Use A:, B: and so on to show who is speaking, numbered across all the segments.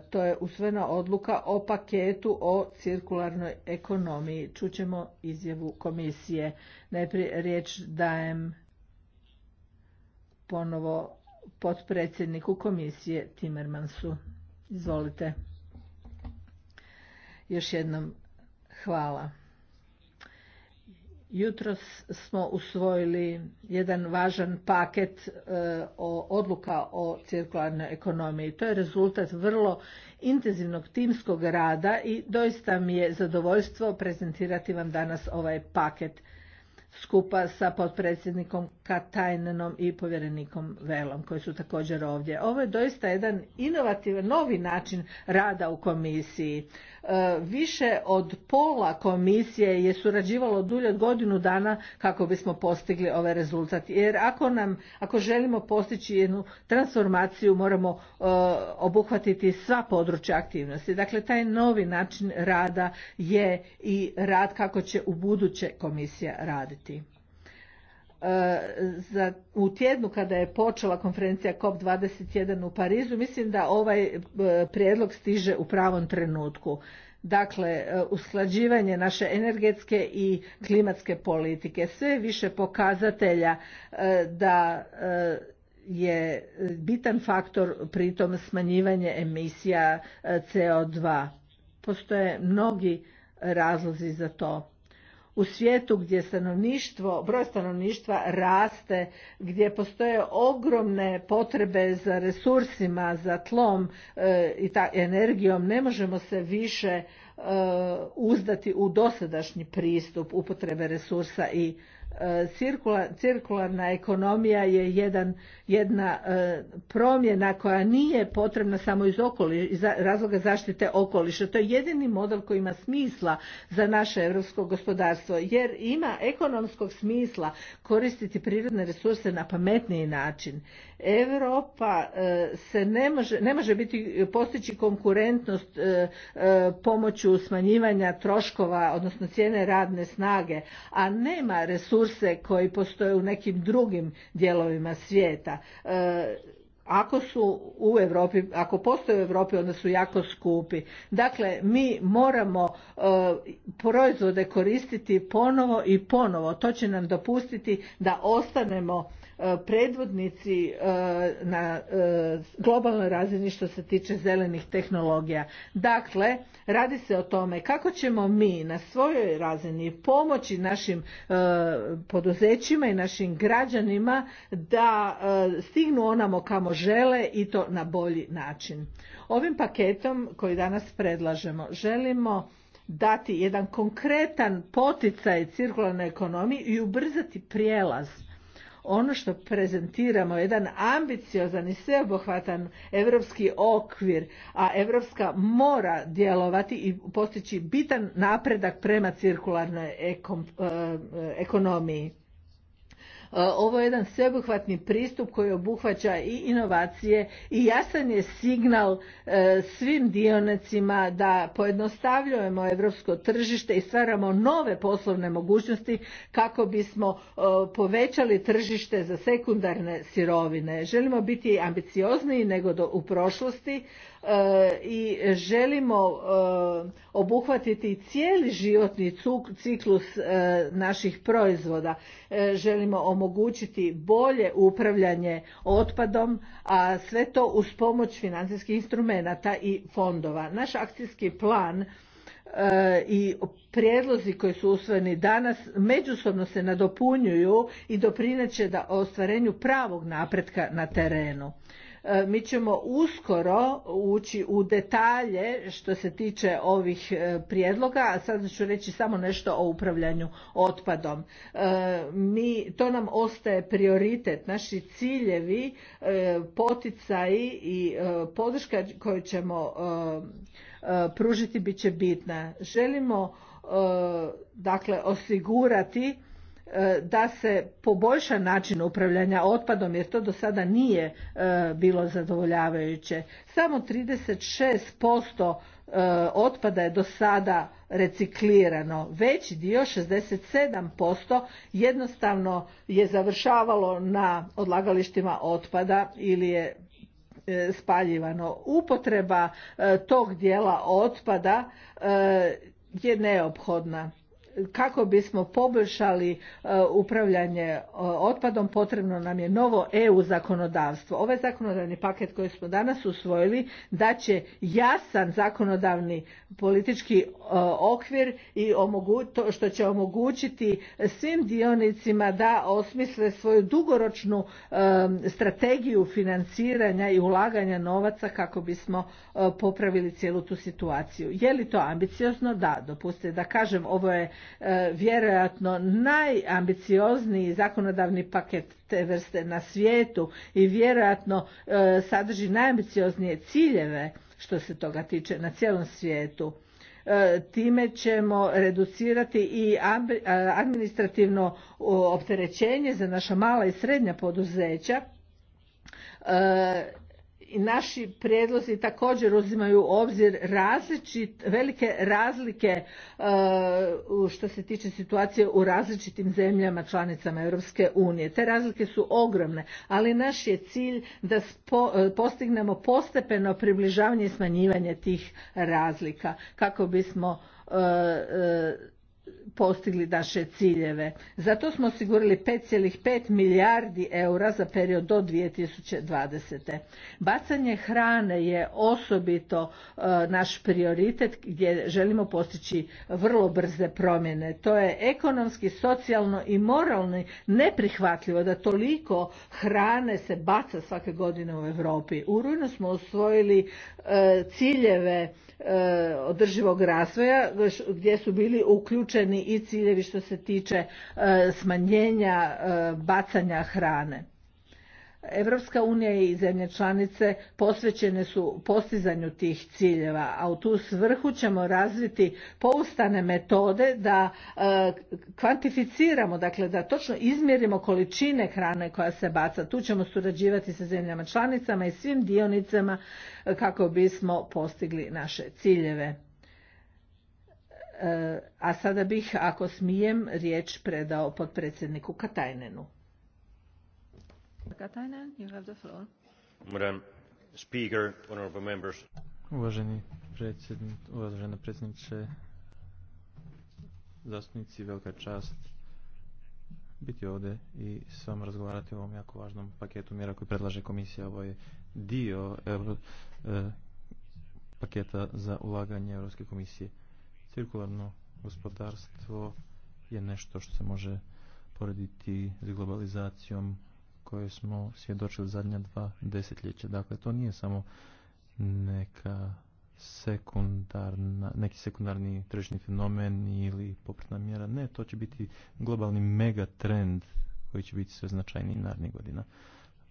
A: to je usvojena odluka o paketu o cirkularnoj ekonomiji. Čućemo izjavu komisije. Najprije riječ dajem ponovo potpredsjedniku komisije Timmermansu. Izvolite. Još jednom hvala. Jutros smo usvojili jedan važan paket e, o odluka o cirkularnoj ekonomiji. To je rezultat vrlo intenzivnog timskog rada i doista mi je zadovoljstvo prezentirati vam danas ovaj paket skupa sa potpredsjednikom Katajnenom i povjerenikom Velom koji su također ovdje. Ovo je doista jedan inovativan novi način rada u komisiji. E, više od pola komisije je surađivalo dulje od godinu dana kako bismo postigli ovaj rezultat. Jer ako nam, ako želimo postići jednu transformaciju moramo e, obuhvatiti sva područja aktivnosti. Dakle, taj novi način rada je i rad kako će u buduće komisija raditi za, u tjednu kada je počela konferencija COP21 u Parizu, mislim da ovaj e, prijedlog stiže u pravom trenutku. Dakle, e, usklađivanje naše energetske i klimatske politike. Sve više pokazatelja e, da je bitan faktor pritom smanjivanje emisija CO2. Postoje mnogi razlozi za to u svijetu gdje stanovništvo, broj stanovništva raste, gdje postoje ogromne potrebe za resursima, za tlom e, i ta energijom, ne možemo se više e, uzdati u dosadašnji pristup upotrebe resursa i E, cirkularna ekonomija je jedan, jedna e, promjena koja nije potrebna samo iz, okoli, razloga zaštite okoliša. To je jedini model koji ima smisla za naše europsko gospodarstvo jer ima ekonomskog smisla koristiti prirodne resurse na pametniji način. Europa e, se ne može, ne može biti postići konkurentnost pomoću smanjivanja troškova odnosno cijene radne snage, a nema resursa koji postoje u nekim drugim dijelovima svijeta. E, ako su u Europi, ako postoje u Europi onda su jako skupi. Dakle, mi moramo e, proizvode koristiti ponovo i ponovo. To će nam dopustiti da ostanemo E, predvodnici e, na e, globalnoj razini što se tiče zelenih tehnologija. Dakle, radi se o tome kako ćemo mi na svojoj razini pomoći našim poduzećima i našim građanima da stignu onamo kamo žele i to na bolji način. Ovim paketom koji danas predlažemo želimo dati jedan konkretan poticaj cirkularnoj ekonomiji i ubrzati prijelaz ono što prezentiramo, jedan ambiciozan i sveobuhvatan europski okvir, a Evropska mora djelovati i postići bitan napredak prema cirkularnoj e, e, ekonomiji. E, ovo je jedan sveobuhvatni pristup koji obuhvaća i inovacije i jasan je signal e, svim dionicima da pojednostavljujemo europsko tržište i stvaramo nove poslovne mogućnosti kako bismo e, povećali tržište za sekundarne sirovine. Želimo biti ambiciozniji nego u prošlosti, E, i želimo e, obuhvatiti cijeli životni ciklus e, naših proizvoda. Želimo omogućiti bolje upravljanje otpadom, a sve to uz pomoć financijskih instrumenata i fondova. Naš akcijski plan i prijedlozi koji su usvojeni danas međusobno se nadopunjuju i doprineće da ostvarenju pravog napretka na terenu. E, mi ćemo uskoro ući u detalje što se tiče ovih e, prijedloga, a sad ću reći samo nešto o upravljanju otpadom. E, mi, to nam ostaje prioritet, naši ciljevi, poticaji i podrška koju ćemo pružiti bit će bitna. Želimo dakle osigurati E, da se poboljša način upravljanja otpadom jer to do sada nije e, bilo zadovoljavajuće. Samo 36% e, otpada je do sada reciklirano. Veći dio, 67%, jednostavno je završavalo na odlagalištima otpada ili je spaljivano. Upotreba tog dijela otpada je neophodna kako bismo poboljšali e, upravljanje e, otpadom potrebno nam je novo EU zakonodavstvo. Ovaj zakonodavni paket koji smo danas usvojili će jasan zakonodavni politički e, okvir i što će omogućiti svim dionicima da osmisle svoju dugoročnu strategiju financiranja i ulaganja novaca kako bismo popravili cijelu tu situaciju. Je li to ambiciozno? Da, dopustite da kažem, ovo je E, vjerojatno najambiciozniji zakonodavni paket te vrste na svijetu i vjerojatno e, sadrži najambicioznije ciljeve što se toga tiče na cijelom svijetu e, time ćemo reducirati i administrativno opterećenje za naša mala i srednja poduzeća i naši prijedlozi također uzimaju u obzir različit, velike razlike e, što se tiče situacije u različitim zemljama članicama Europske unije. Te razlike su ogromne, ali naš je cilj da e, postignemo postepeno približavanje i smanjivanje tih razlika kako bismo e, postigli naše ciljeve. Zato smo osigurali 5,5 milijardi eura za period do 2020. Bacanje hrane je osobito e, naš prioritet gdje želimo postići vrlo brze promjene. To je ekonomski, socijalno i moralno neprihvatljivo da toliko hrane se baca svake godine u Europi. U rujnu smo usvojili e, ciljeve e, održivog razvoja gdje su bili uključeni i ciljevi što se tiče e, smanjenja e, bacanja hrane. Evropska unija i zemlje članice posvećene su postizanju tih ciljeva, a u tu svrhu ćemo razviti poustane metode da e, kvantificiramo, dakle da točno izmjerimo količine hrane koja se baca. Tu ćemo surađivati sa zemljama članicama i svim dionicama kako bismo postigli naše ciljeve. E, a sada bih, ako smijem, riječ predao potpredsjedniku Katajnenu. Katajnen, you have the floor.
B: Speaker, honorable members. Uvaženi predsjednik, uvažena predsjednice, zastupnici, velika čast biti ovdje i s vama razgovarati o ovom jako važnom paketu mjera koji predlaže komisija. Ovo je dio e, paketa za ulaganje Europske komisije. Cirkularno gospodarstvo je nešto što se može porediti s globalizacijom koje smo svjedočili zadnja dva desetljeća. Dakle, to nije samo neka sekundarna, neki sekundarni tržišni fenomen ili popratna mjera. Ne, to će biti globalni megatrend koji će biti sve značajniji narednih godina.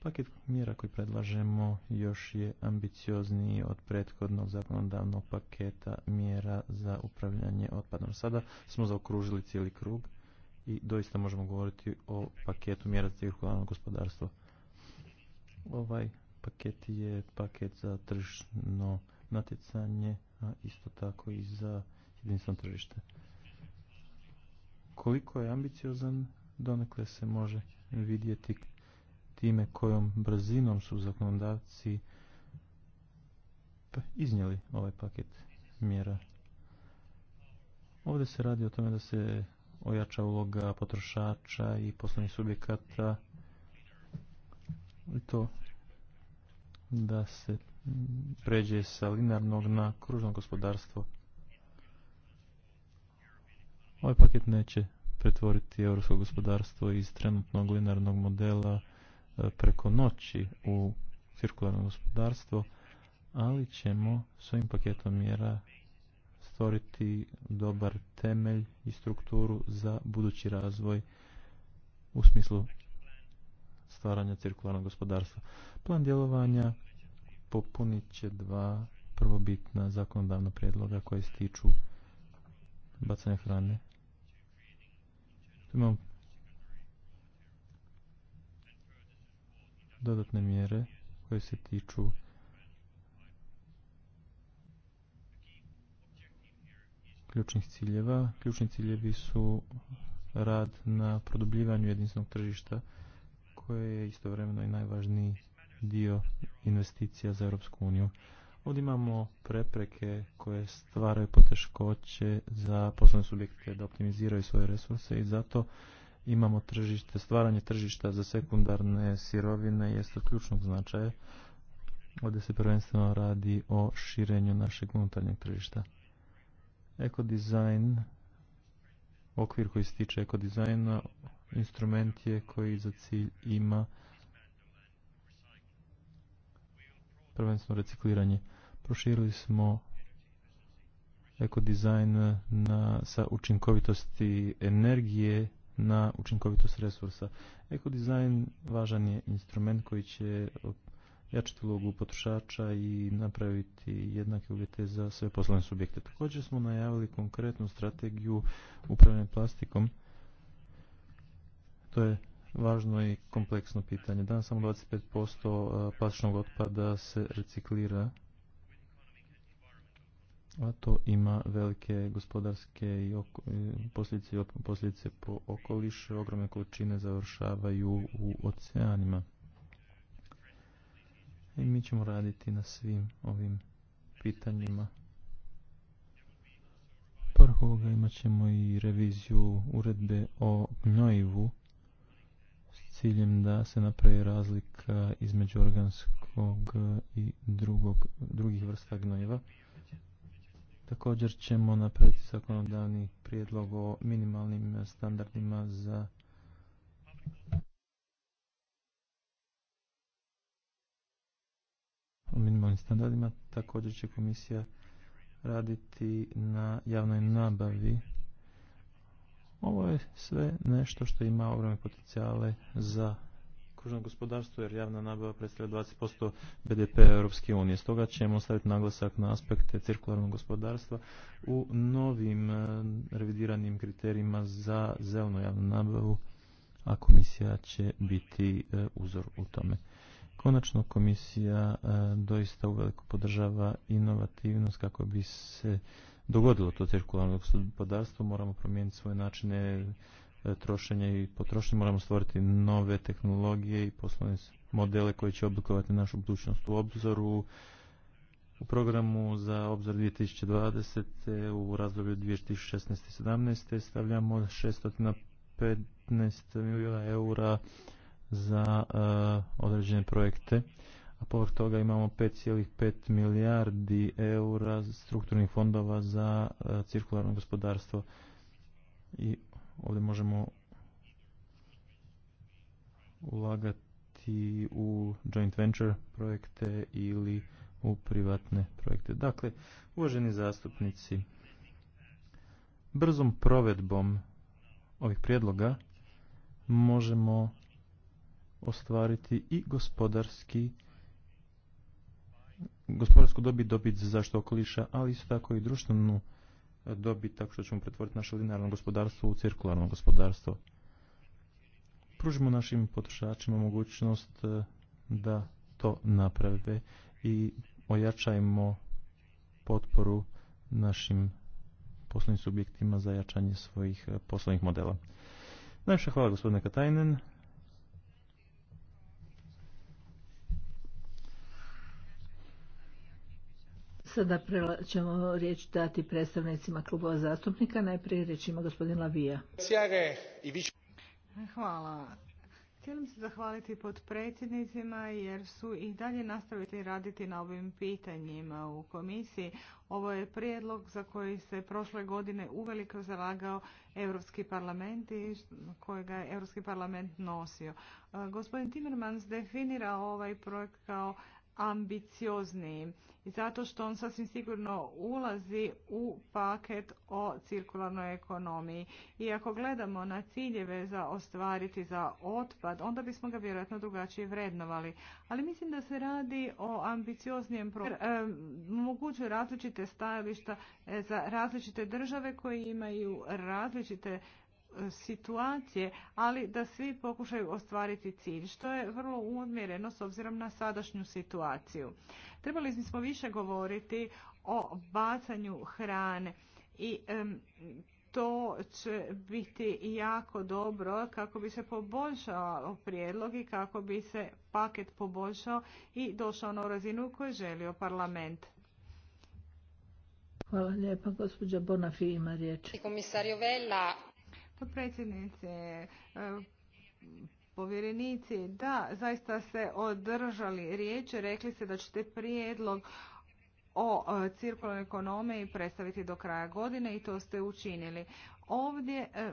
B: Paket mjera koji predlažemo još je ambiciozniji od prethodnog zakonodavnog paketa mjera za upravljanje otpadom. Sada smo zaokružili cijeli krug i doista možemo govoriti o paketu mjera za cirkularno gospodarstvo. Ovaj paket je paket za tržišno natjecanje, a isto tako i za jedinstveno tržište. Koliko je ambiciozan, donekle se može vidjeti time kojom brzinom su zakonodavci pa, iznijeli ovaj paket mjera. Ovdje se radi o tome da se ojača uloga potrošača i poslovnih subjekata i to da se pređe sa linarnog na kružno gospodarstvo. Ovaj paket neće pretvoriti europsko gospodarstvo iz trenutnog linarnog modela E, preko noći u cirkularno gospodarstvo, ali ćemo s ovim paketom mjera stvoriti dobar temelj i strukturu za budući razvoj u smislu stvaranja cirkularnog gospodarstva. Plan djelovanja popunit će dva prvobitna zakonodavna prijedloga koje stiču bacanja hrane. Tu dodatne mjere koje se tiču ključnih ciljeva. Ključni ciljevi su rad na produbljivanju jedinstvenog tržišta koje je istovremeno i najvažniji dio investicija za Europsku uniju. Ovdje imamo prepreke koje stvaraju poteškoće za poslovne subjekte da optimiziraju svoje resurse i zato imamo tržište, stvaranje tržišta za sekundarne sirovine jeste od ključnog značaja. Ovdje se prvenstveno radi o širenju našeg unutarnjeg tržišta. dizajn, okvir koji se tiče ekodizajna, instrument je koji za cilj ima prvenstveno recikliranje. Proširili smo ekodizajn na, sa učinkovitosti energije na učinkovitost resursa. Eko dizajn važan je instrument koji će jačati ulogu potrošača i napraviti jednake uvjete za sve poslovne subjekte. Također smo najavili konkretnu strategiju upravljanja plastikom. To je važno i kompleksno pitanje. Danas samo 25% plastičnog otpada se reciklira a to ima velike gospodarske i e, posljedice, posljedice po okoliš, ogromne količine završavaju u oceanima. I mi ćemo raditi na svim ovim pitanjima. Prvoga imat ćemo i reviziju uredbe o gnojivu s ciljem da se napravi razlika između organskog i drugih vrsta gnojiva. Također ćemo napraviti zakonodavni prijedlog o minimalnim standardima za o minimalnim standardima. Također će komisija raditi na javnoj nabavi. Ovo je sve nešto što ima ogromne potencijale za gospodarstvo jer javna nabava predstavlja 20% BDP Europske unije. Stoga ćemo staviti naglasak na aspekte cirkularnog gospodarstva u novim e, revidiranim kriterijima za zelenu javnu nabavu, a komisija će biti e, uzor u tome. Konačno komisija e, doista uveliko podržava inovativnost kako bi se dogodilo to cirkularno gospodarstvo, moramo promijeniti svoje načine E, trošenja i potrošnje. Moramo stvoriti nove tehnologije i poslovne modele koji će oblikovati našu budućnost u obzoru. U programu za obzor 2020. u razdoblju 2016-2017 stavljamo 615 milijuna eura za e, određene projekte, a povrh toga imamo 5,5 milijardi eura strukturnih fondova za e, cirkularno gospodarstvo i ovdje možemo ulagati u joint venture projekte ili u privatne projekte. Dakle, uvaženi zastupnici, brzom provedbom ovih prijedloga možemo ostvariti i gospodarski gospodarsku dobit, dobit za zaštitu okoliša, ali isto tako i društvenu tako što ćemo pretvoriti naše linearno gospodarstvo u cirkularno gospodarstvo. Pružimo našim potrošačima mogućnost e, da to naprave i ojačajmo potporu našim poslovnim subjektima za jačanje svojih e, poslovnih modela. Najviše hvala gospodine Katajnen.
A: Sada ćemo riječ dati predstavnicima klubova zastupnika. Najprije riječ ima gospodin Lavija.
C: Hvala. Želim se zahvaliti potpredsjednicima jer su i dalje nastaviti raditi na ovim pitanjima u komisiji. Ovo je prijedlog za koji se prošle godine uveliko zalagao Europski parlament i kojega je Europski parlament nosio. E, gospodin Timmermans definira ovaj projekt kao ambiciozniji i zato što on sasvim sigurno ulazi u paket o cirkularnoj ekonomiji. I ako gledamo na ciljeve za ostvariti za otpad, onda bismo ga vjerojatno drugačije vrednovali. Ali mislim da se radi o ambicioznijem programu. različite stajališta e, za različite države koje imaju različite situacije, ali da svi pokušaju ostvariti cilj, što je vrlo umjereno s obzirom na sadašnju situaciju. Trebali smo više govoriti o bacanju hrane i to će biti jako dobro kako bi se poboljšao prijedlog i kako bi se paket poboljšao i došao na razinu koju želio parlament.
A: Hvala lijepa, gospođa Bonafi ima riječ.
C: Vella, predsjednice, eh, povjerenici, da, zaista se održali riječi, rekli ste da ćete prijedlog o eh, cirkularnoj ekonomiji predstaviti do kraja godine i to ste učinili. Ovdje eh,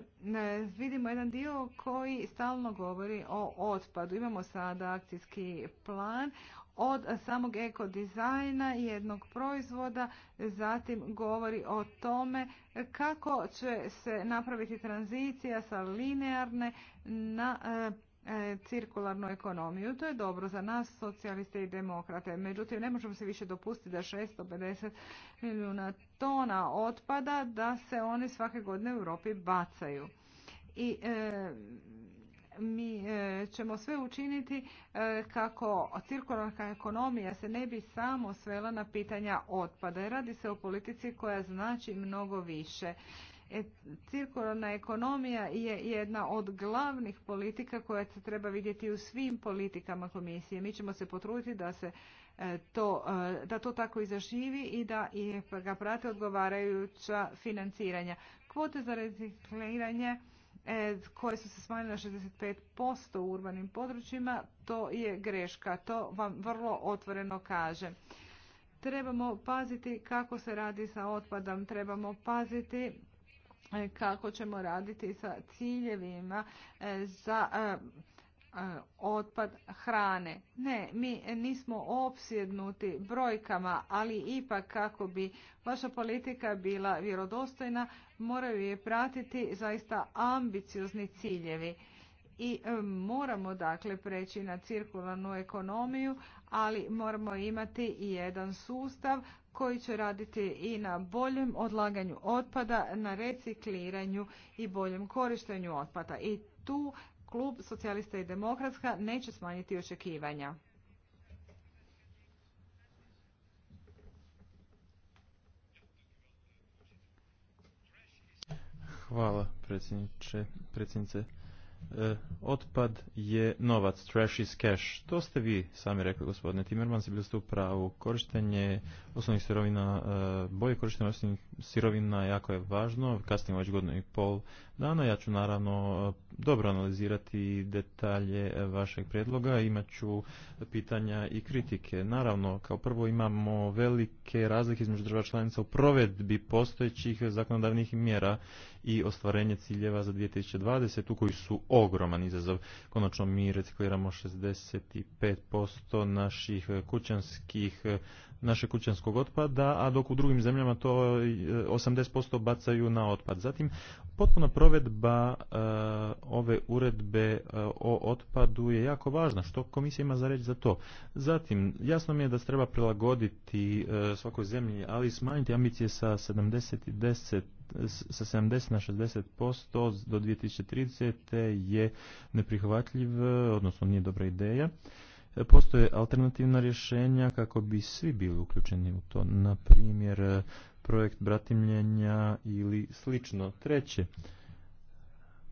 C: vidimo jedan dio koji stalno govori o otpadu. Imamo sada akcijski plan od samog ekodizajna jednog proizvoda, zatim govori o tome kako će se napraviti tranzicija sa linearne na e, e, cirkularnu ekonomiju. To je dobro za nas, socijaliste i demokrate. Međutim, ne možemo se više dopustiti da 650 milijuna tona otpada, da se oni svake godine u Europi bacaju. I e, mi e, ćemo sve učiniti e, kako cirkularna ekonomija se ne bi samo svela na pitanja otpada. Radi se o politici koja znači mnogo više. E, cirkularna ekonomija je jedna od glavnih politika koja se treba vidjeti u svim politikama komisije. Mi ćemo se potruditi da se to, da to tako i zaživi i da ga prate odgovarajuća financiranja. Kvote za recikliranje E, koje su se smanjile na 65% u urbanim područjima, to je greška. To vam vrlo otvoreno kaže. Trebamo paziti kako se radi sa otpadom, trebamo paziti e, kako ćemo raditi sa ciljevima e, za E, otpad hrane. Ne, mi nismo opsjednuti brojkama, ali ipak kako bi vaša politika bila vjerodostojna, moraju je pratiti zaista ambiciozni ciljevi. I e, moramo dakle preći na cirkularnu ekonomiju, ali moramo imati i jedan sustav koji će raditi i na boljem odlaganju otpada, na recikliranju i boljem korištenju otpada. I tu klub socijalista i demokratska neće smanjiti očekivanja.
B: Hvala predsjedniče, predsjednice. E, otpad je novac, trash is cash. To ste vi sami rekli, gospodine Timerman, se bili ste u pravu. Korištenje osnovnih sirovina, e, bolje korištenje osnovnih sirovina jako je važno, kasnije već godinu i pol dana. Ja ću naravno e, dobro analizirati detalje e, vašeg predloga, imat ću pitanja i kritike. Naravno, kao prvo imamo velike razlike između država članica u provedbi postojećih zakonodavnih mjera i ostvarenje ciljeva za 2020 u koji su ogroman izazov. Konačno mi recikliramo 65% naših kućanskih našeg kućanskog otpada, a dok u drugim zemljama to 80% e, bacaju na otpad. Zatim, potpuna provedba e, ove uredbe e, o otpadu je jako važna, što komisija ima za reći za to. Zatim, jasno mi je da se treba prilagoditi svakoj zemlji, ali smanjiti ambicije sa 70 na 10 sa 70 na 60% do 2030. je neprihvatljiv, odnosno nije dobra ideja. E, postoje alternativna rješenja kako bi svi bili uključeni u to, na primjer e, projekt bratimljenja ili slično. Treće,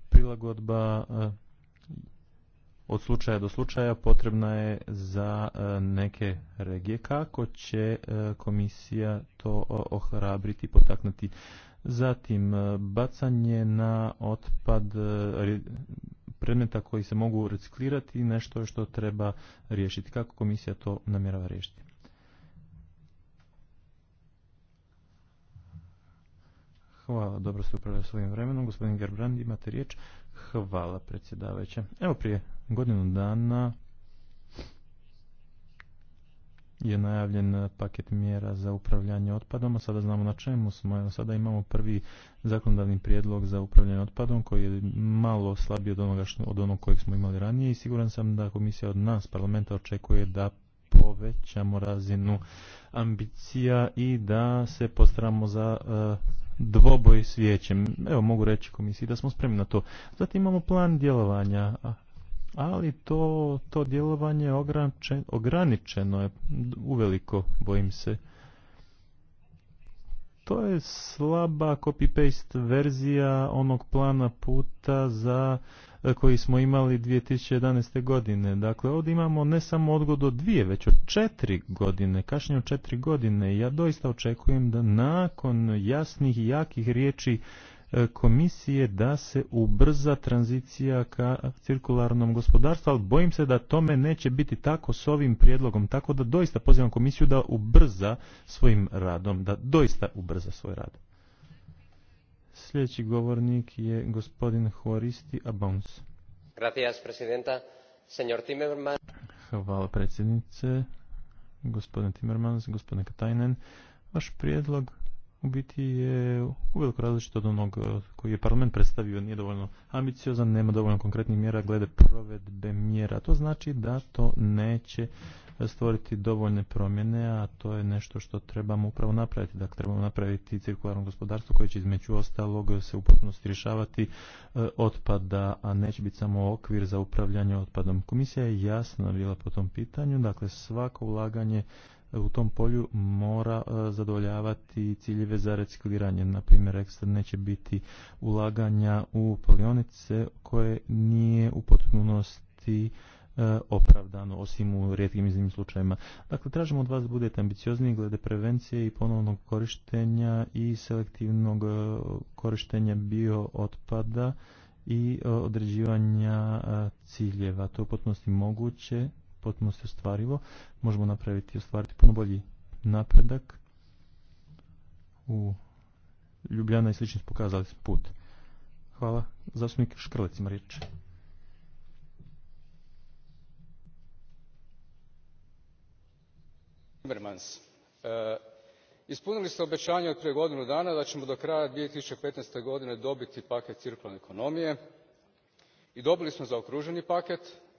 B: prilagodba e, od slučaja do slučaja potrebna je za neke regije. Kako će komisija to ohrabriti potaknuti? Zatim, bacanje na otpad predmeta koji se mogu reciklirati i nešto što treba riješiti. Kako komisija to namjerava riješiti? Hvala, dobro ste upravljali svojim vremenom. Gospodin Gerbrand, imate riječ. Hvala, predsjedavajuća. Evo prije godinu dana je najavljen paket mjera za upravljanje otpadom, a sada znamo na čemu smo. Sada imamo prvi zakonodavni prijedlog za upravljanje otpadom koji je malo slabiji od onoga od onog kojeg smo imali ranije i siguran sam da komisija od nas, parlamenta, očekuje da povećamo razinu ambicija i da se postaramo za uh, dvoboj svijećem. Evo mogu reći komisiji da smo spremni na to. Zatim imamo plan djelovanja, ali to, to djelovanje ograničeno, ograničeno je uveliko, bojim se. To je slaba copy-paste verzija onog plana puta za e, koji smo imali 2011. godine. Dakle, ovdje imamo ne samo odgod od dvije, već od četiri godine, kašnje od četiri godine. Ja doista očekujem da nakon jasnih i jakih riječi E, komisije da se ubrza tranzicija ka cirkularnom gospodarstvu, ali bojim se da tome neće biti tako s ovim prijedlogom, tako da doista pozivam komisiju da ubrza svojim radom, da doista ubrza svoj rad. Sljedeći govornik je gospodin Horisti Abons.
D: Gracias, presidenta. Timmermans.
B: Hvala predsjednice, gospodin Timmermans, gospodine Katajnen. Vaš prijedlog u biti je uveliko različit od onog e, koji je parlament predstavio, nije dovoljno ambiciozan, nema dovoljno konkretnih mjera glede provedbe mjera. To znači da to neće stvoriti dovoljne promjene, a to je nešto što trebamo upravo napraviti. Dakle, trebamo napraviti cirkularno gospodarstvo koje će između ostalog se u potpunosti rješavati e, otpada, a neće biti samo okvir za upravljanje otpadom. Komisija je jasna bila po tom pitanju, dakle svako ulaganje u tom polju mora e, zadovoljavati ciljeve za recikliranje. Na primjer, ekstra neće biti ulaganja u polionice koje nije u potpunosti e, opravdano, osim u rijetkim iznim slučajima. Dakle, tražimo od vas da budete ambiciozniji glede prevencije i ponovnog korištenja i selektivnog e, korištenja biootpada i određivanja ciljeva. To je u potpunosti moguće potpunosti ostvarivo, možemo napraviti i ostvariti puno bolji napredak u Ljubljana i slični pokazali put. Hvala. Zastupnik Škrlec ima riječ.
D: Timmermans, e, ispunili ste obećanje od prije godinu dana da ćemo do kraja. 2015. godine dobiti paket cirkularne ekonomije i dobili smo zaokruženi paket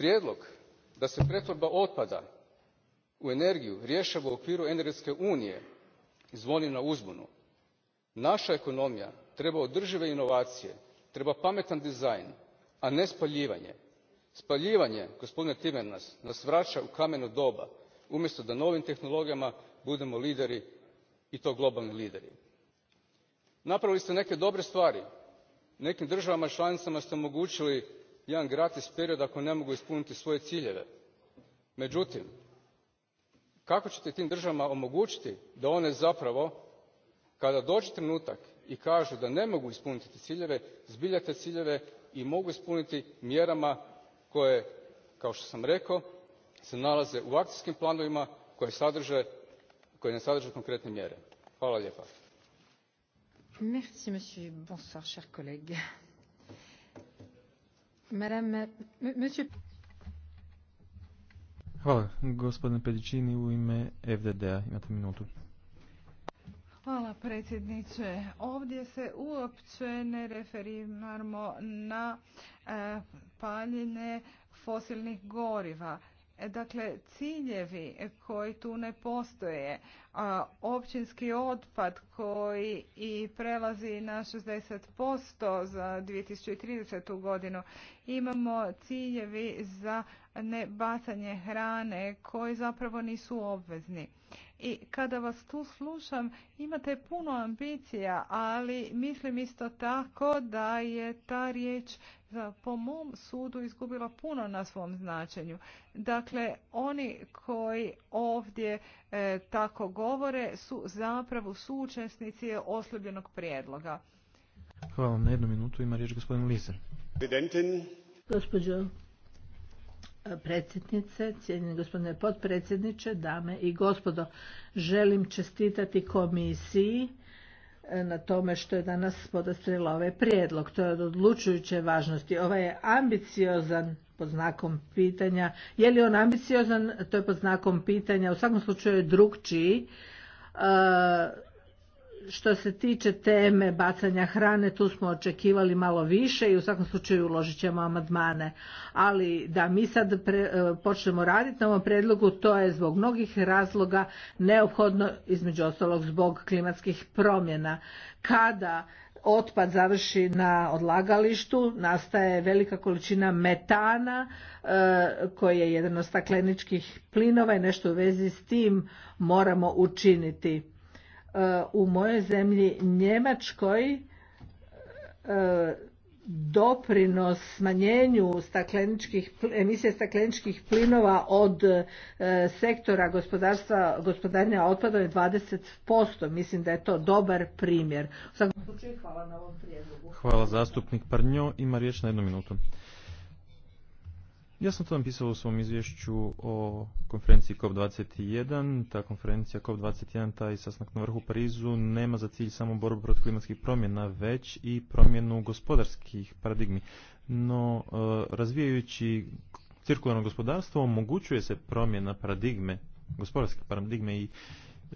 D: prijedlog da se pretvorba otpada u energiju rješava u okviru energetske unije zvoni na uzbunu. naša ekonomija treba održive inovacije treba pametan dizajn a ne spaljivanje. spaljivanje gospodine timmermans nas vraća u kameno doba umjesto da novim tehnologijama budemo lideri i to globalni lideri. napravili ste neke dobre stvari nekim državama članicama ste omogućili jedan gratis period ako ne mogu ispuniti svoje ciljeve. međutim kako ćete tim državama omogućiti da one zapravo kada dođe trenutak i kažu da ne mogu ispuniti ciljeve zbilja te ciljeve i mogu ispuniti mjerama koje kao što sam rekao se nalaze u akcijskim planovima koji ne sadrže konkretne mjere. hvala lijepa.
B: Hvala, gospodine Pedicini u ime FDD-a. Imate minutu.
C: Hvala predsjedniče. Ovdje se uopće ne referiramo na e, paljenje fosilnih goriva. Dakle, ciljevi koji tu ne postoje, a općinski otpad koji i prelazi na 60% za 2030. godinu, imamo ciljevi za ne bacanje hrane koji zapravo nisu obvezni. I kada vas tu slušam, imate puno ambicija, ali mislim isto tako da je ta riječ po mom sudu izgubila puno na svom značenju. Dakle, oni koji ovdje e, tako govore su zapravo sučesnici oslobljenog prijedloga.
B: Hvala vam na jednu minutu. Ima riječ gospodin Lise.
D: Gospođo
A: e, predsjednice, cijenjeni gospodine potpredsjedniče, dame i gospodo, želim čestitati komisiji na tome što je danas podastrila ovaj prijedlog. To je od odlučujuće važnosti. Ovaj je ambiciozan pod znakom pitanja. Je li on ambiciozan? To je pod znakom pitanja. U svakom slučaju je drugčiji. E, što se tiče teme bacanja hrane, tu smo očekivali malo više i u svakom slučaju uložit ćemo amandmane. Ali da mi sad e, počnemo raditi na ovom predlogu, to je zbog mnogih razloga neophodno, između ostalog zbog klimatskih promjena. Kada otpad završi na odlagalištu, nastaje velika količina metana e, koji je jedan od stakleničkih plinova i nešto u vezi s tim moramo učiniti Eh, u mojoj zemlji Njemačkoj eh, doprinos smanjenju stakleničkih, emisije stakleničkih plinova od eh, sektora gospodarstva gospodarenja otpadom je 20%. Mislim da je to dobar primjer. U hvala
B: na ovom prijedlogu. Hvala zastupnik Prnjo. Ima riječ na jednu minutu. Ja sam to napisao u svom izvješću o konferenciji COP21. Ta konferencija COP21, taj sasnak na vrhu Parizu, nema za cilj samo borbu protiv klimatskih promjena, već i promjenu gospodarskih paradigmi. No, e, razvijajući cirkularno gospodarstvo, omogućuje se promjena paradigme, gospodarske paradigme i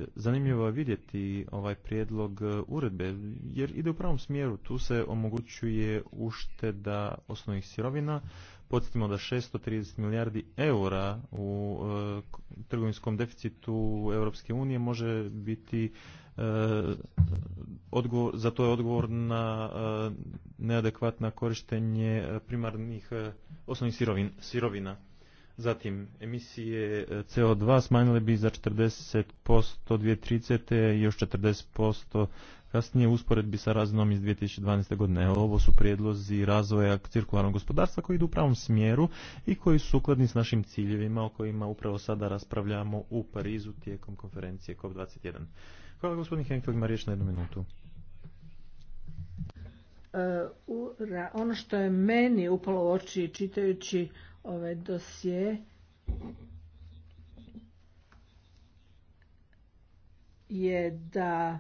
B: e, zanimljivo je vidjeti ovaj prijedlog e, uredbe, jer ide u pravom smjeru. Tu se omogućuje ušteda osnovnih sirovina, Podsjetimo da 630 milijardi eura u e, trgovinskom deficitu Europske unije može biti e, odgovor, za to je odgovor na e, neadekvatno korištenje primarnih e, osnovnih sirovin, sirovina. Zatim, emisije e, CO2 smanjile bi za 40% 2030. i još 40% kasnije usporedbi sa razinom iz 2012. godine. Ovo su prijedlozi razvoja cirkularnog gospodarstva koji idu u pravom smjeru i koji su sukladni s našim ciljevima o kojima upravo sada raspravljamo u Parizu tijekom konferencije COP21. Hvala gospodin Henkel, ima riječ na jednu minutu.
A: E, ono što je meni upalo u oči čitajući ove dosije je da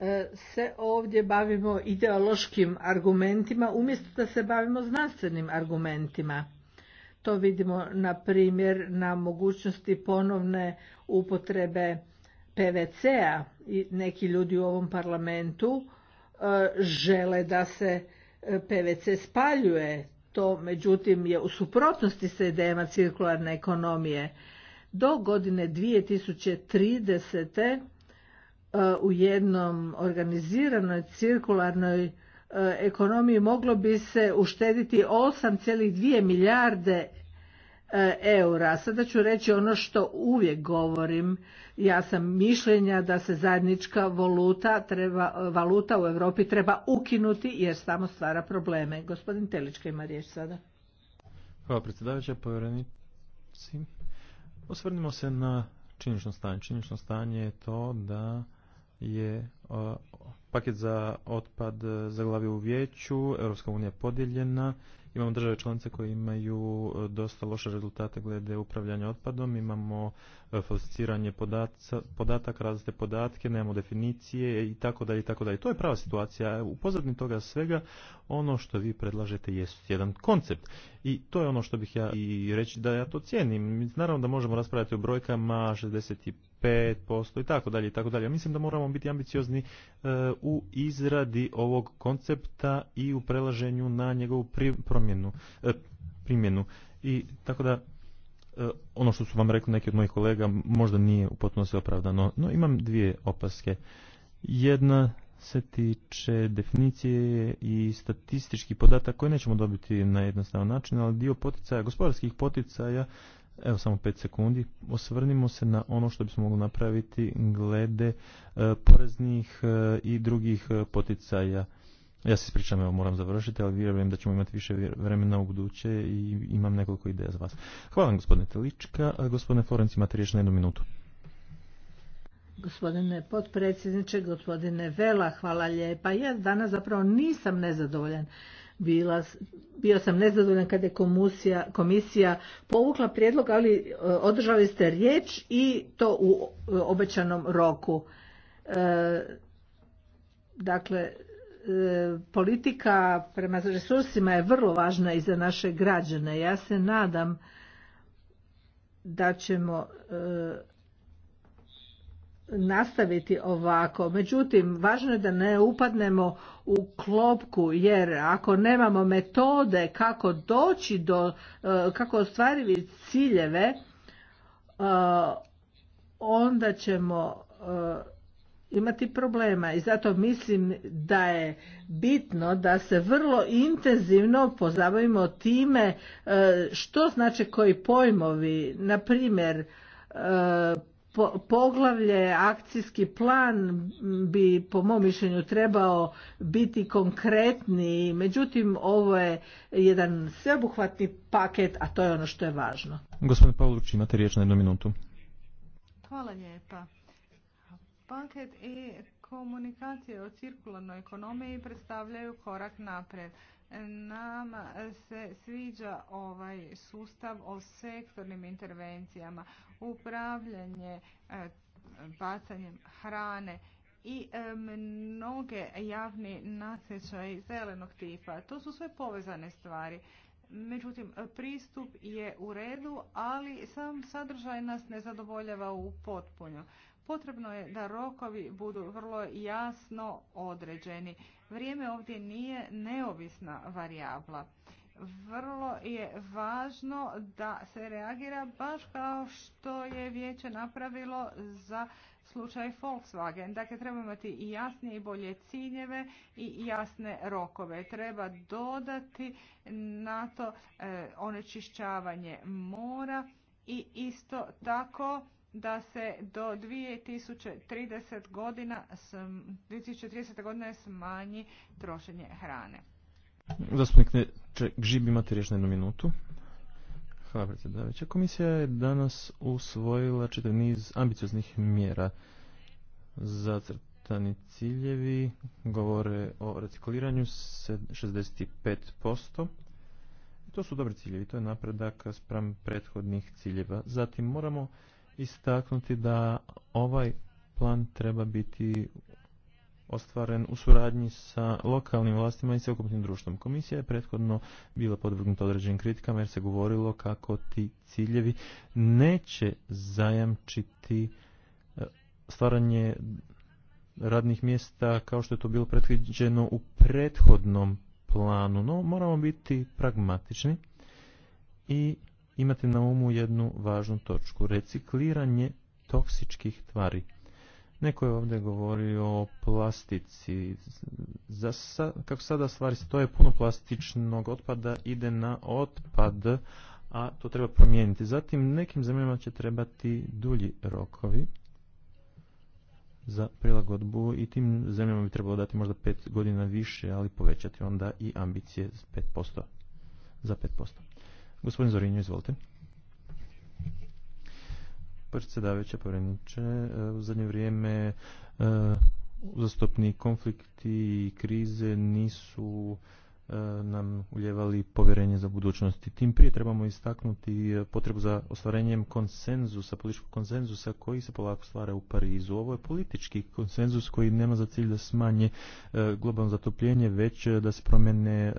A: E, se ovdje bavimo ideološkim argumentima umjesto da se bavimo znanstvenim argumentima. To vidimo na primjer na mogućnosti ponovne upotrebe PVC-a i neki ljudi u ovom parlamentu e, žele da se e, PVC spaljuje. To međutim je u suprotnosti sa idejama cirkularne ekonomije. Do godine 2030 E, u jednom organiziranoj cirkularnoj e, ekonomiji moglo bi se uštediti 8,2 milijarde e, eura. Sada ću reći ono što uvijek govorim. Ja sam mišljenja da se zajednička valuta, treba, valuta u Europi treba ukinuti jer samo stvara probleme. Gospodin Telička ima riječ sada.
B: Hvala predsjedavajuća, povjerenici. Osvrnimo se na činično stanje. Činično stanje je to da je paket za otpad e, zaglavio u vijeću, Europska unija je podijeljena, imamo države članice koje imaju e, dosta loše rezultate glede upravljanja otpadom, imamo e, falsificiranje podataka, različite podatke, nemamo definicije i tako dalje i tako dalje. To je prava situacija. U toga svega ono što vi predlažete je jedan koncept. I to je ono što bih ja i reći da ja to cijenim. Naravno da možemo raspravljati o brojkama 65 5% i tako dalje i tako dalje. Mislim da moramo biti ambiciozni e, u izradi ovog koncepta i u prelaženju na njegovu promjenu, e, primjenu. I tako da e, ono što su vam rekli neki od mojih kolega možda nije u potpunosti opravdano. No imam dvije opaske. Jedna se tiče definicije i statističkih podata, koje nećemo dobiti na jednostavan način, ali dio poticaja, gospodarskih poticaja Evo samo 5 sekundi. Osvrnimo se na ono što bismo mogli napraviti glede e, poreznih e, i drugih e, poticaja. Ja se ispričam, evo moram završiti, ali vjerujem da ćemo imati više vremena u buduće i imam nekoliko ideja za vas. Hvala vam gospodine Telička. Gospodine Florenc, imate riječ na jednu minutu.
A: Gospodine potpredsjedniče, gospodine Vela, hvala lijepa. Ja danas zapravo nisam nezadovoljan bila, bio sam nezadovoljan kada je komisija, komisija povukla prijedlog, ali e, održali ste riječ i to u e, obećanom roku. E, dakle, politika prema resursima je vrlo važna i za naše građane. Ja se nadam da ćemo nastaviti ovako. Međutim, važno je da ne upadnemo u klopku jer ako nemamo metode kako doći do, e, kako ostvariti ciljeve, e, onda ćemo e, imati problema i zato mislim da je bitno da se vrlo intenzivno pozabavimo time što znače koji pojmovi, na primjer poglavlje, akcijski plan bi po mom mišljenju trebao biti konkretni, međutim ovo je jedan sveobuhvatni paket, a to je ono što je važno.
B: Gospodin Pavlović, imate riječ na jednu minutu.
C: Hvala lijepa. Paket i komunikacije o cirkularnoj ekonomiji predstavljaju korak naprijed nam se sviđa ovaj sustav o sektornim intervencijama, upravljanje e, bacanjem hrane i e, mnoge javni natječaji zelenog tipa. To su sve povezane stvari. Međutim, pristup je u redu, ali sam sadržaj nas ne zadovoljava u potpunju. Potrebno je da rokovi budu vrlo jasno određeni. Vrijeme ovdje nije neovisna varijabla. Vrlo je važno da se reagira baš kao što je vijeće napravilo za slučaj Volkswagen. Dakle, treba imati i jasnije i bolje ciljeve i jasne rokove. Treba dodati na to e, onečišćavanje mora i isto tako da se do 2030 godina, 2030. godine smanji trošenje hrane.
B: Zastupnik Gžib, imate riječ na jednu minutu. Hvala predsjedavajuća. Komisija je danas usvojila čitav niz ambicioznih mjera. Zacrtani ciljevi govore o recikliranju 65%. to su dobri ciljevi, to je napredak spram prethodnih ciljeva. Zatim moramo istaknuti da ovaj plan treba biti ostvaren u suradnji sa lokalnim vlastima i sveukupnim društvom. Komisija je prethodno bila podvrgnuta određenim kritikama jer se govorilo kako ti ciljevi neće zajamčiti e, stvaranje radnih mjesta kao što je to bilo predviđeno u prethodnom planu. No, moramo biti pragmatični i imati na umu jednu važnu točku. Recikliranje toksičkih tvari. Neko je ovdje govorio o plastici. Za kako sada stvari stoje, puno plastičnog otpada ide na otpad, a to treba promijeniti. Zatim nekim zemljama će trebati dulji rokovi za prilagodbu i tim zemljama bi trebalo dati možda 5 godina više, ali povećati onda i ambicije 5%, za 5%. Gospodin Zorinjo, izvolite. Predsjedavajuća povredniče, e, u zadnje vrijeme uzastopni e, konflikti i krize nisu E, nam uljevali povjerenje za budućnosti. tim prije trebamo istaknuti e, potrebu za ostvarenjem konsenzusa, političkog konsenzusa koji se polako stvara u Parizu. Ovo je politički konsenzus koji nema za cilj da smanje e, globalno zatopljenje, već da se promjene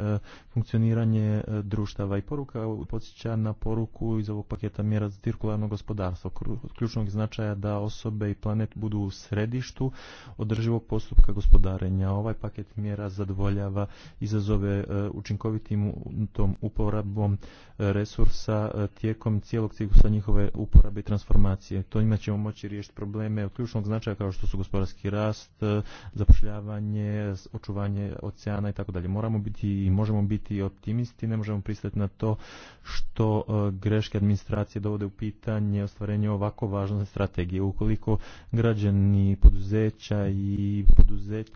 B: funkcioniranje društava. I poruka podsjeća na poruku iz ovog paketa mjera za cirkularno gospodarstvo. Ključnog značaja da osobe i planet budu u središtu održivog postupka gospodarenja. Ovaj paket mjera zadovoljava izazove E, učinkovitim tom uporabom e, resursa e, tijekom cijelog ciklusa njihove uporabe i transformacije. To njima ćemo moći riješiti probleme od ključnog značaja kao što su gospodarski rast, zapošljavanje, očuvanje oceana i tako dalje. Moramo biti i možemo biti optimisti, ne možemo pristati na to što greške administracije dovode u pitanje ostvarenje ovako važne strategije. Ukoliko građani poduzeća i poduzeća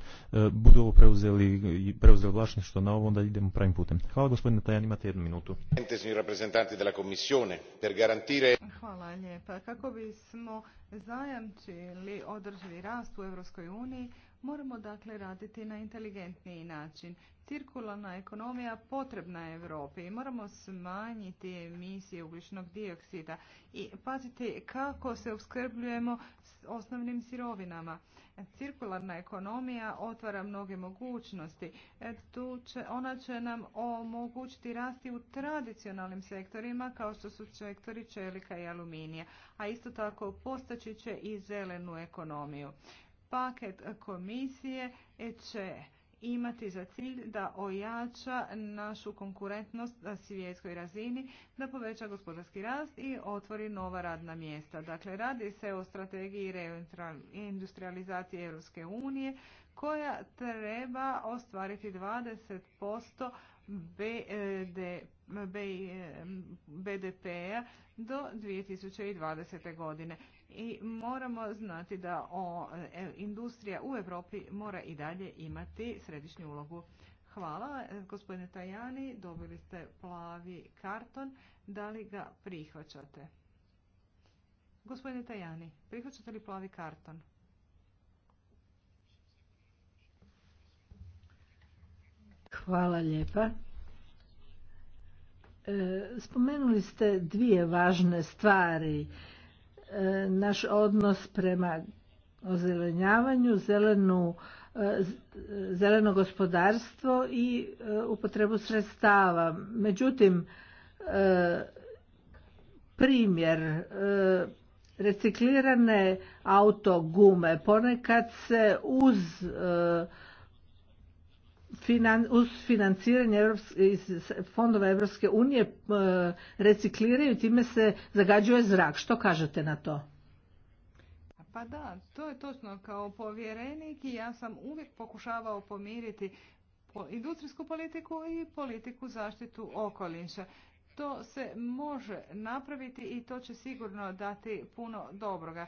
B: budu ovo preuzeli, preuzeli vlasništvo na ovo onda idemo pravim putem. Hvala gospodine Tajan, imate jednu minutu.
C: Hvala lijepa. Kako bismo li održivi rast u Europskoj uniji, moramo dakle raditi na inteligentniji način. Cirkularna ekonomija potrebna je Europi i moramo smanjiti emisije ugljičnog dioksida i paziti kako se opskrbljujemo s osnovnim sirovinama. Cirkularna ekonomija otvara mnoge mogućnosti. E, ona će nam omogućiti rasti u tradicionalnim sektorima kao što su sektori čelika i aluminija, a isto tako postaći će i zelenu ekonomiju. Paket komisije će imati za cilj da ojača našu konkurentnost na svjetskoj razini, da poveća gospodarski rast i otvori nova radna mjesta. Dakle, radi se o strategiji reindustrializacije Europske unije koja treba ostvariti 20% BDP BDP-a do 2020. godine. I moramo znati da e, industrija u Europi mora i dalje imati središnju ulogu. Hvala. E, gospodine Tajani, dobili ste plavi karton. Da li ga prihvaćate? Gospodine Tajani, prihvaćate li plavi karton? Hvala
A: lijepa. E, spomenuli ste dvije važne stvari. E, naš odnos prema ozelenjavanju, zelenu, e, zeleno gospodarstvo i upotrebu sredstava. Međutim, primjer reciklirane autogume ponekad se uz finan, uz financiranje iz fondova Europske unije e, recikliraju i time se zagađuje zrak. Što kažete na to?
C: Pa da, to je točno. Kao povjerenik i ja sam uvijek pokušavao pomiriti industrijsku politiku i politiku zaštitu okoliša. To se može napraviti i to će sigurno dati puno dobroga.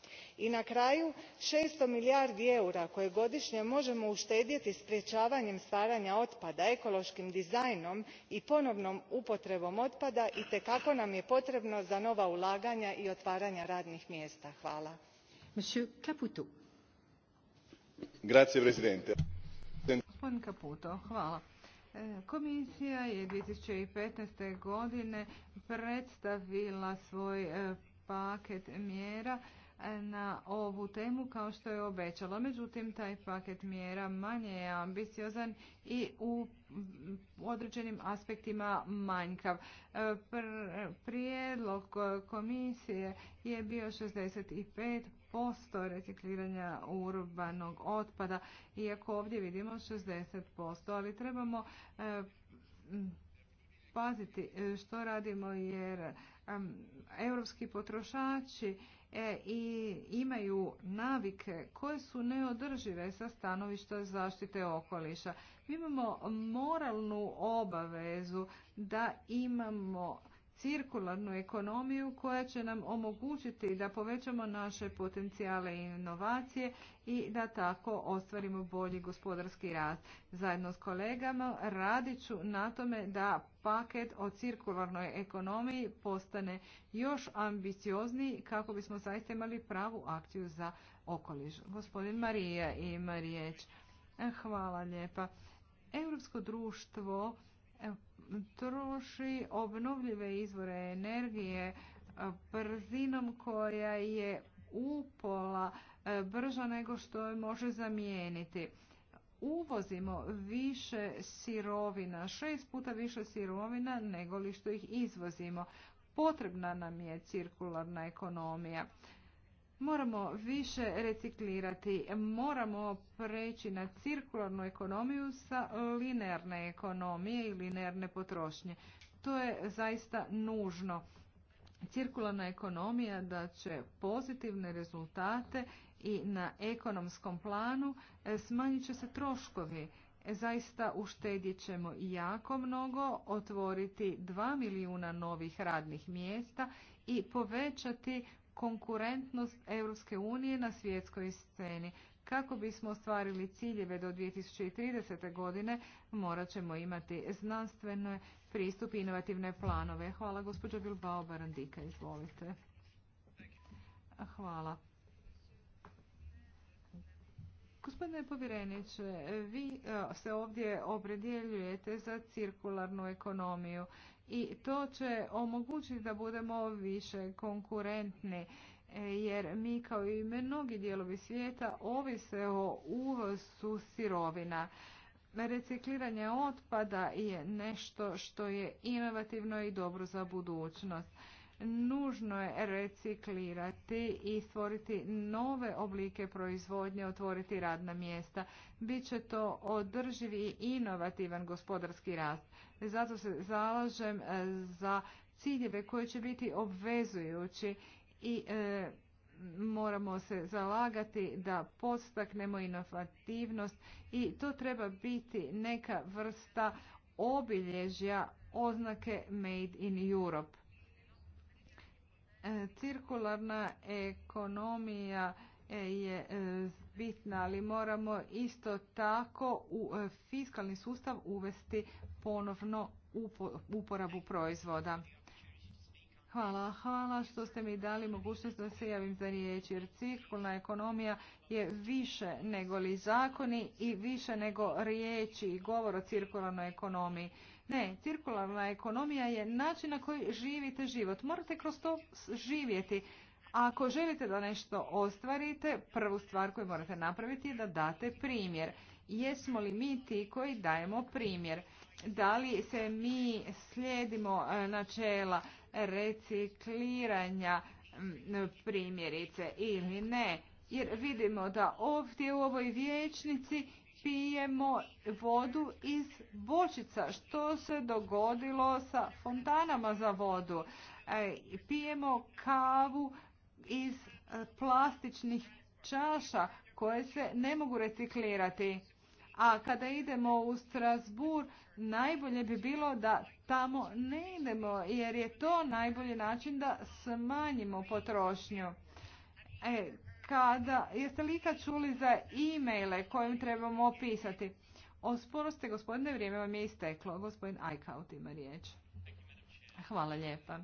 E: i na kraju six milijardi eura koje godišnje moemo utedjeti sprjeavanjem stvaranja otpada ekolokim dizajnom i ponovnom upotrebom otpada itekako nam je potrebno za nova ulaganja i otvaranja
C: radnih mjesta. E, komisija je. two thousand and fifteen godine predstavila svoj e, paket mjera na ovu temu kao što je obećalo. Međutim, taj paket mjera manje je ambiciozan i u određenim aspektima manjkav. E, prijedlog komisije je bio 65% recikliranja urbanog otpada, iako ovdje vidimo 60%, ali trebamo e, paziti što radimo jer europski potrošači E, i imaju navike koje su neodržive sa stanovišta zaštite okoliša. Mi imamo moralnu obavezu da imamo cirkularnu ekonomiju koja će nam omogućiti da povećamo naše potencijale i inovacije i da tako ostvarimo bolji gospodarski rast. Zajedno s kolegama radit ću na tome da paket o cirkularnoj ekonomiji postane još ambiciozniji kako bismo zaista imali pravu akciju za okoliš. Gospodin Marija ima riječ. Hvala lijepa. Europsko društvo troši obnovljive izvore energije e, brzinom koja je upola e, brža nego što je može zamijeniti. Uvozimo više sirovina, šest puta više sirovina nego li što ih izvozimo. Potrebna nam je cirkularna ekonomija. Moramo više reciklirati, moramo preći na cirkularnu ekonomiju sa linearne ekonomije i linearne potrošnje. To je zaista nužno. Cirkularna ekonomija da će pozitivne rezultate i na ekonomskom planu e, smanjit će se troškovi. E, zaista uštedjet ćemo jako mnogo, otvoriti 2 milijuna novih radnih mjesta i povećati konkurentnost Europske unije na svjetskoj sceni. Kako bismo ostvarili ciljeve do 2030. godine, morat ćemo imati znanstvene pristup i inovativne planove. Hvala, gospođo Bilbao Barandika, izvolite. Hvala. Gospodine povjereniče, vi eh, se ovdje opredjeljujete za cirkularnu ekonomiju i to će omogućiti da budemo više konkurentni e, jer mi kao i mnogi dijelovi svijeta ovise o uvozu sirovina. Recikliranje otpada je nešto što je inovativno i dobro za budućnost. Nužno je reciklirati i stvoriti nove oblike proizvodnje, otvoriti radna mjesta. Biće to održivi i inovativan gospodarski rast. Zato se zalažem e, za ciljeve koji će biti obvezujući i e, moramo se zalagati da postaknemo inovativnost i to treba biti neka vrsta obilježja oznake Made in Europe. E, cirkularna ekonomija e, je e, bitna, ali moramo isto tako u fiskalni sustav uvesti ponovno uporabu proizvoda. Hvala, hvala što ste mi dali mogućnost da se javim za riječ, jer cirkulna ekonomija je više nego li zakoni i više nego riječi i govor o cirkularnoj ekonomiji. Ne, cirkularna ekonomija je način na koji živite život. Morate kroz to živjeti. ako želite da nešto ostvarite, prvu stvar koju morate napraviti je da date primjer. Jesmo li mi ti koji dajemo primjer? Da li se mi slijedimo e, načela recikliranja primjerice ili ne? Jer vidimo da ovdje u ovoj vječnici, pijemo vodu iz bočica. Što se dogodilo sa fontanama za vodu? E, pijemo kavu iz e, plastičnih čaša koje se ne mogu reciklirati. A kada idemo u Strasbur, najbolje bi bilo da tamo ne idemo, jer je to najbolji način da smanjimo potrošnju. E, kada, jeste li ikad čuli za e-maile kojim trebamo opisati? O ste, gospodine, vrijeme vam je isteklo. Gospodin Ajkaut ima riječ. Hvala lijepa.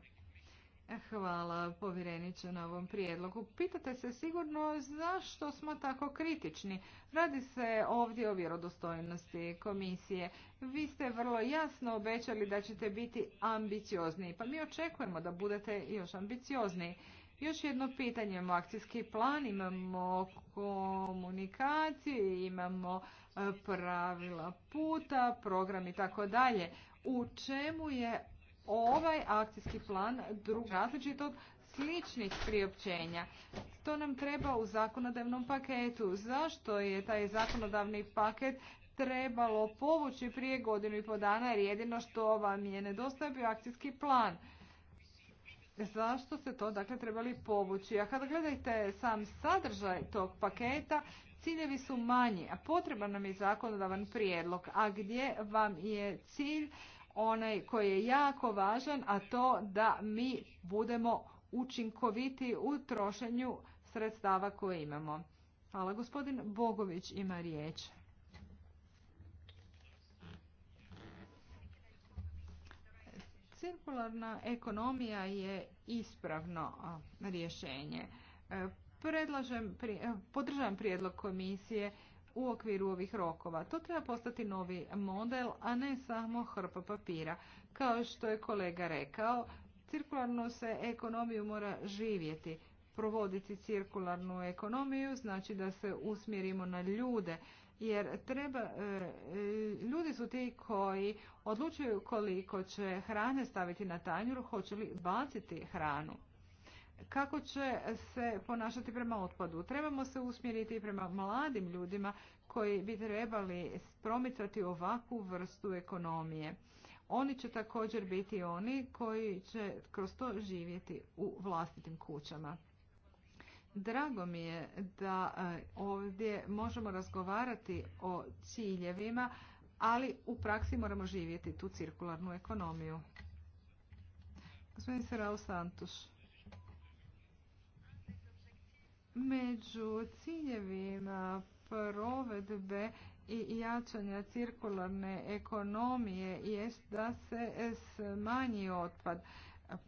C: Hvala povjereniče na ovom prijedlogu. Pitate se sigurno zašto smo tako kritični. Radi se ovdje o vjerodostojnosti komisije. Vi ste vrlo jasno obećali da ćete biti ambiciozni. pa mi očekujemo da budete još ambiciozniji. Još jedno pitanje, imamo akcijski plan, imamo komunikaciju, imamo e, pravila puta, program i tako dalje. U čemu je ovaj akcijski plan drug različit od sličnih priopćenja? To nam treba u zakonodavnom paketu. Zašto je taj zakonodavni paket trebalo povući prije godinu i po dana jer jedino što vam je nedostavio akcijski plan? zašto se to dakle trebali povući. A kada gledajte sam sadržaj tog paketa, ciljevi su manji, a potreban nam je zakonodavan prijedlog, a gdje vam je cilj onaj koji je jako važan, a to da mi budemo učinkoviti u trošenju sredstava koje imamo. Hvala, gospodin Bogović ima riječ. Cirkularna ekonomija je ispravno rješenje. E, predlažem, e, podržavam prijedlog komisije u okviru ovih rokova. To treba postati novi model, a ne samo hrpa papira. Kao što je kolega rekao, cirkularnu se ekonomiju mora živjeti. Provoditi cirkularnu ekonomiju znači da se usmjerimo na ljude, jer treba, e, e, ljudi su ti koji odlučuju koliko će hrane staviti na tanjuru, hoće li baciti hranu. Kako će se ponašati prema otpadu? Trebamo se usmjeriti prema mladim ljudima koji bi trebali promicati ovakvu vrstu ekonomije. Oni će također biti oni koji će kroz to živjeti u vlastitim kućama. Drago mi je da e, ovdje možemo razgovarati o ciljevima, ali u praksi moramo živjeti tu cirkularnu ekonomiju. Gospodin Serao Santuš. Među ciljevima provedbe i jačanja cirkularne ekonomije jest da se smanji otpad,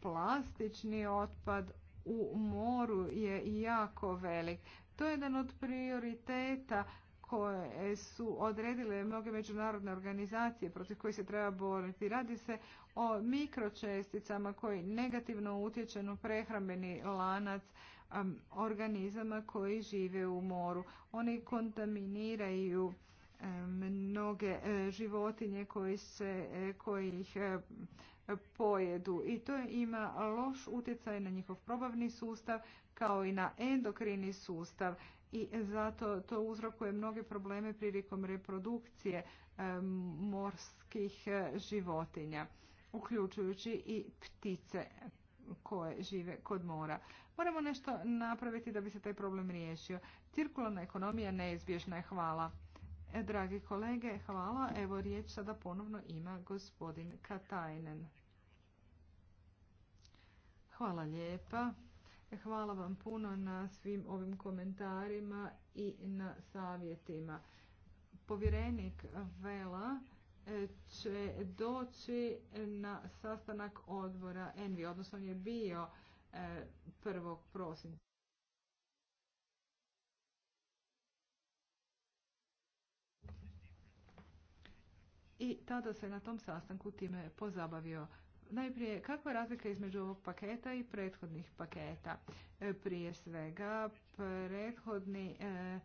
C: plastični otpad, u moru je jako velik. To je jedan od prioriteta koje su odredile mnoge međunarodne organizacije protiv kojih se treba boriti. Radi se o mikročesticama koji negativno utječu na prehrambeni lanac organizama koji žive u moru. Oni kontaminiraju mnoge e, životinje koji, se, e, koji ih e, pojedu i to ima loš utjecaj na njihov probavni sustav kao i na endokrini sustav i zato to uzrokuje mnoge probleme prilikom reprodukcije e, morskih e, životinja, uključujući i ptice koje žive kod mora. Moramo nešto napraviti da bi se taj problem riješio. Cirkularna ekonomija neizbježna je. Hvala. E, dragi kolege, hvala. Evo riječ sada ponovno ima gospodin Katajnen. Hvala lijepa. Hvala vam puno na svim ovim komentarima i na savjetima. Povjerenik Vela e, će doći na sastanak odbora Envi, odnosno on je bio 1. E, prosinca. I tada se na tom sastanku time pozabavio Najprije, kakva je razlika između ovog paketa i prethodnih paketa? E, prije svega, prethodni e, e,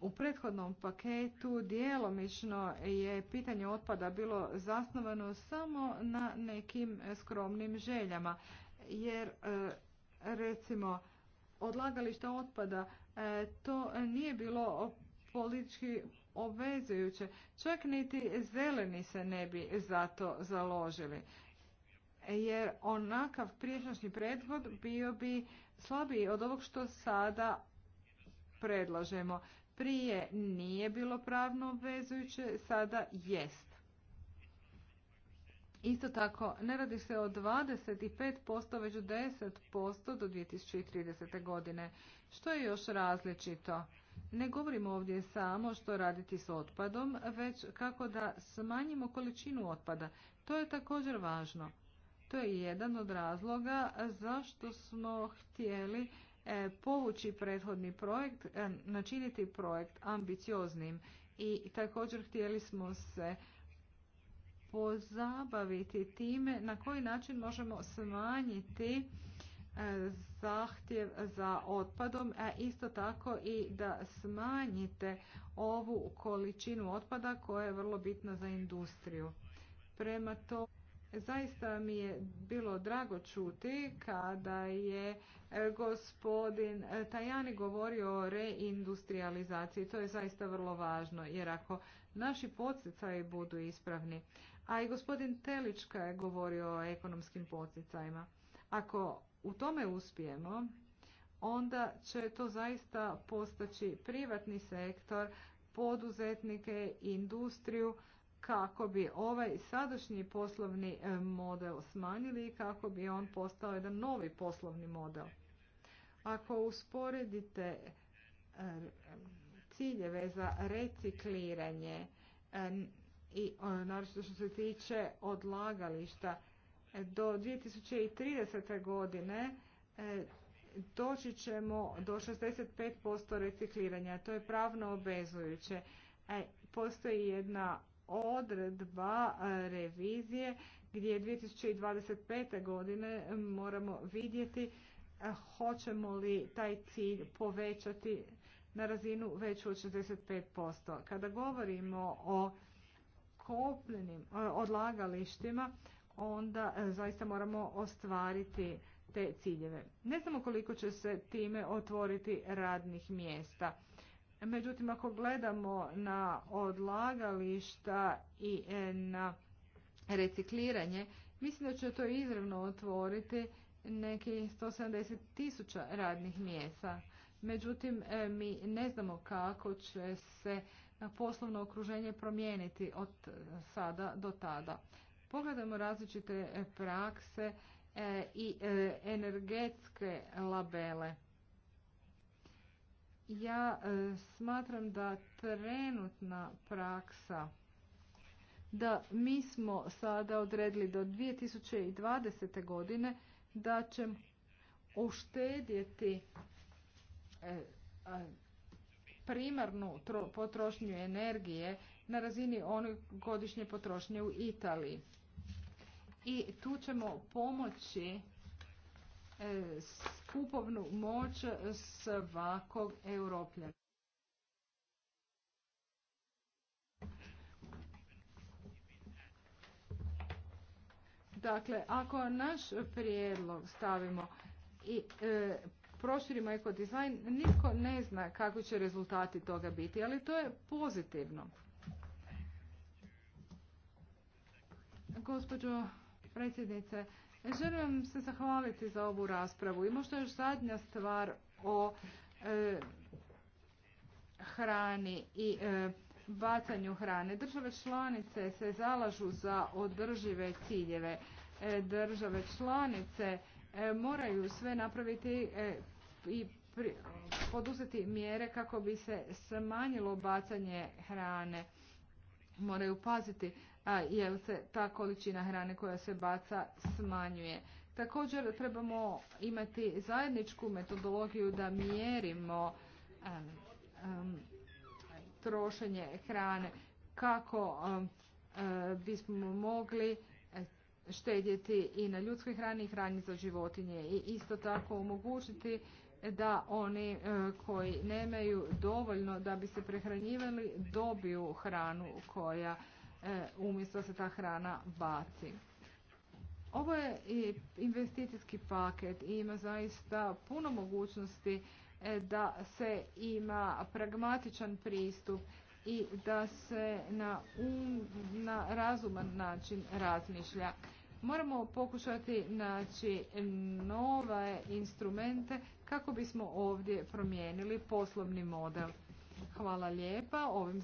C: u prethodnom paketu djelomično je pitanje otpada bilo zasnovano samo na nekim skromnim željama. Jer recimo odlagališta otpada to nije bilo politički obvezujuće. Čak niti zeleni se ne bi za to založili. Jer onakav priješnjašnji predvod bio bi slabiji od ovog što sada predlažemo. Prije nije bilo pravno obvezujuće, sada jest. Isto tako, ne radi se o 25%, već o 10% do 2030. godine, što je još različito. Ne govorimo ovdje samo što raditi s otpadom, već kako da smanjimo količinu otpada. To je također važno. To je jedan od razloga zašto smo htjeli e, povući prethodni projekt, e, načiniti projekt ambicioznim i također htjeli smo se pozabaviti time na koji način možemo smanjiti zahtjev za otpadom, a isto tako i da smanjite ovu količinu otpada koja je vrlo bitna za industriju. Prema to, zaista mi je bilo drago čuti kada je e, gospodin e, Tajani govorio o reindustrializaciji. To je zaista vrlo važno, jer ako naši poticaji budu ispravni, a i gospodin Telička je govorio o ekonomskim poticajima, ako u tome uspijemo, onda će to zaista postaći privatni sektor, poduzetnike, industriju, kako bi ovaj sadašnji poslovni e, model smanjili i kako bi on postao jedan novi poslovni model. Ako usporedite e, ciljeve za recikliranje e, i naročito što se tiče odlagališta do 2030. godine e, doći ćemo do 65% recikliranja. To je pravno obezujuće. E, postoji jedna odredba e, revizije gdje 2025. godine moramo vidjeti hoćemo li taj cilj povećati na razinu veću od 65%. Kada govorimo o kopljenim odlagalištima, onda e, zaista moramo ostvariti te ciljeve. Ne znamo koliko će se time otvoriti radnih mjesta. Međutim, ako gledamo na odlagališta i e, na recikliranje, mislim da će to izravno otvoriti neki 170 tisuća radnih mjesta. Međutim, e, mi ne znamo kako će se poslovno okruženje promijeniti od sada do tada pogledamo različite e, prakse e, i e, energetske labele. Ja smatram da trenutna praksa da mi smo sada odredili do 2020. godine da ćemo uštedjeti primarnu potrošnju energije na razini one godišnje potrošnje u Italiji i tu ćemo pomoći e, kupovnu moć svakog europljana. Dakle, ako naš prijedlog stavimo i e, proširimo proširimo dizajn nitko ne zna kako će rezultati toga biti, ali to je pozitivno. Gospođo predsjednice. Želim vam se zahvaliti za ovu raspravu i možda još zadnja stvar o e, hrani i e, bacanju hrane. Države članice se zalažu za održive ciljeve. E, države članice moraju sve napraviti i pri, poduzeti mjere kako bi se smanjilo bacanje hrane. Moraju paziti jer se ta količina hrane koja se baca smanjuje. Također trebamo imati zajedničku metodologiju da mjerimo trošenje hrane kako bismo mogli e, štedjeti i na ljudskoj hrani i hrani za životinje i isto tako omogućiti da oni e, koji nemaju dovoljno da bi se prehranjivali dobiju hranu koja E, umjesto da se ta hrana baci. Ovo je i investicijski paket i ima zaista puno mogućnosti e, da se ima pragmatičan pristup i da se na, um, na razuman način razmišlja. Moramo pokušati naći nove instrumente kako bismo ovdje promijenili poslovni model. Hvala lijepa. Ovim